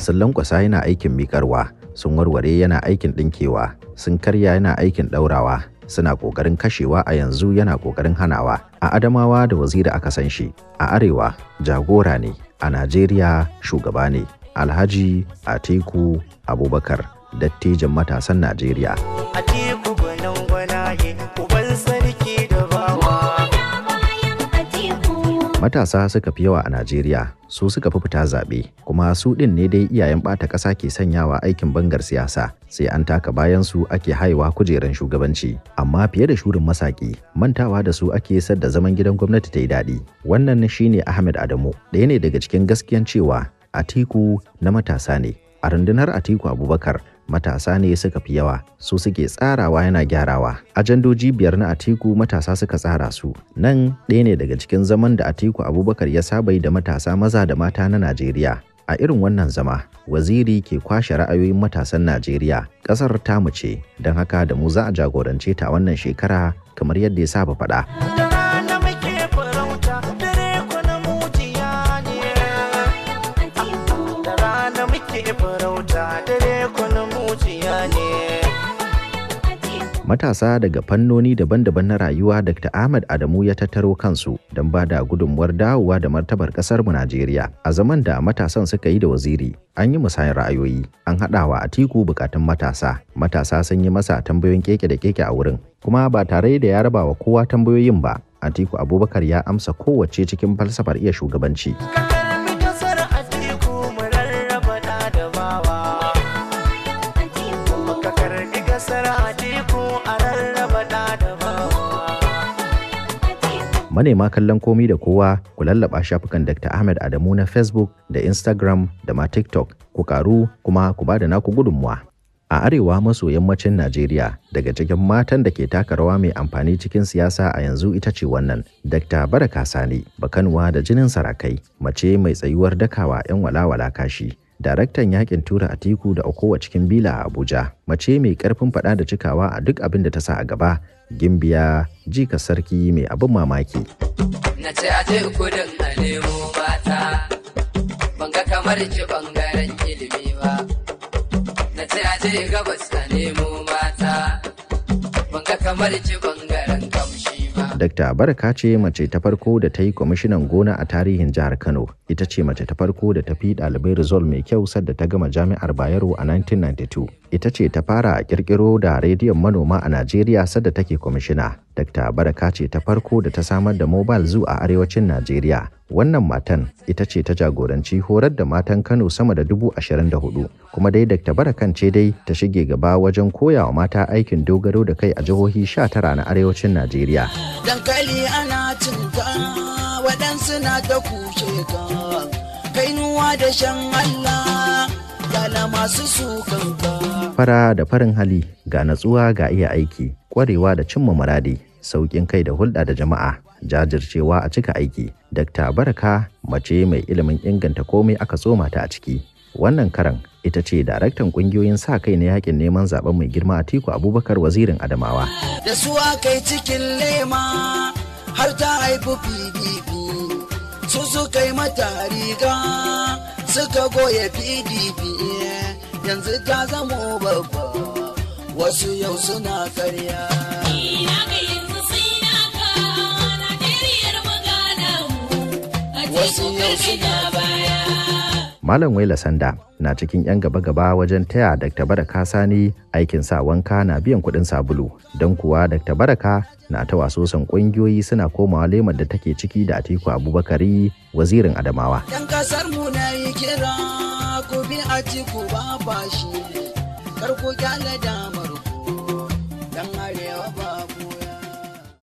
sun lankwasa yana aikin mikarwa sun warware yana aikin ɗinkewa sun karya yana aikin ɗaurawa suna ƙoƙarin kashewa a yanzu yana ƙoƙarin hanawa a adamawa da waziri aka san shi a arewa jagora ne a najeriya shugaba ne alhaji atiku abubakar dattijan matasan najeriya matasa suka fi yawa a Najeriya su suka fi fita zaɓe kuma su ɗin ne dai iyayen ɓata ƙasa ke sanyawa aikin bangar siyasa sai an taka bayan su ake haiwa kujeran shugabanci amma fiye da shurin masaki mantawa da su ake da zaman gidan gwamnati ta yi daɗi wannan shine Ahmed Adamu ɗaya ne daga cikin gaskiyan cewa Atiku na matasa ne a rundunar Atiku Abubakar matasa ne suka fi yawa su suke tsarawa yana gyarawa ajandoji biyar na atiku matasa suka tsara su nan ɗaya ne daga cikin zaman da atiku abubakar ya saba da matasa maza da mata na najeriya a irin wannan zama waziri ke kwashe ra'ayoyin matasan najeriya ƙasar tamu ce don haka da mu za a jagorance ta wannan shekara kamar yadda ya saba faɗa. farauta matasa daga fannoni daban-daban na rayuwa Dr. Ahmad Adamu ya tattaro kansu don ba da gudunmuwar dawowa da martabar kasar mu Najeriya. A zaman da matasan suka yi da waziri, an yi musayar ra'ayoyi, an haɗawa a tiku bukatun matasa. Matasa sun yi masa tambayoyin keke da keke a wurin, kuma ba tare da ya raba wa kowa tambayoyin ba. Atiku Abubakar ya amsa kowace cikin falsafar iya shugabanci. Atiku Manema kallon komi da kowa ku lallaba shafukan Dr. Ahmed Adamu na Facebook da Instagram da ma TikTok ku karu kuma ku bada naku gudunmuwa. A arewa maso yammacin Najeriya daga cikin matan da ke taka rawa mai amfani cikin siyasa a yanzu ita ce wannan Dr. Baraka Sani Bakanwa da jinin sarakai mace mai tsayuwar dakawa 'yan walawala kashi. daraktan yakin tura a tiku da kowa cikin bila a abuja mace mai karfin fada da cikawa a duk abin da ta sa a gaba gimbiya jika sarki mai abin mamaki Dr. ilimi ba na barka ce mace ta farko da ta yi kwamishinan gona a tarihin jihar kano ita ce mace ta farko da ta fi ɗalibai rizol mai kyau sadda ta gama jami'ar bayero a 1992 ita ce ta fara ƙirƙiro da rediyon manoma a najeriya sadda take kwamishina dr baraka ce ta farko da ta samar da mobile zoo a arewacin najeriya wannan matan ita ce ta jagoranci horar da matan kano sama da dubu ashirin da hudu kuma dai dr barakan ce dai ta shige gaba wajen koya wa mata aikin dogaro da kai a jihohi sha tara na arewacin najeriya dankali ana cinka waɗansu na ta kushe ka kainuwa da shan Allah yana masu sukanka. Fara da farin hali ga natsuwa ga iya aiki, kwarewa da cimma muradi, sauƙin kai da hulɗa da jama'a, jajircewa a cika aiki. Dakta Baraka mace mai ilimin inganta komai aka tsoma ta a ciki. Wannan karan ita ce daraktan ƙungiyoyin sa kai na yakin neman zaɓen mai girma a tiku abubakar wazirin adamawa. Da suwa kai cikin lema har ta haifu fififi. su suka yi mata riga suka goya pdp yanzu ta zama babba wasu yau suna karya Malam Waila Sanda na cikin 'yan gaba-gaba wajen taya Dr. Baraka Sani aikin sa wanka na biyan kuɗin sabulu, don kuwa Dr. Baraka na ta wasosan ƙungiyoyi suna komawa lemar da take ciki da Atiku Abubakari wazirin Adamawa. Yan kasar mu na yi kira ku bi Atiku ba bashi kar ku kyale damar ku dan arewa ba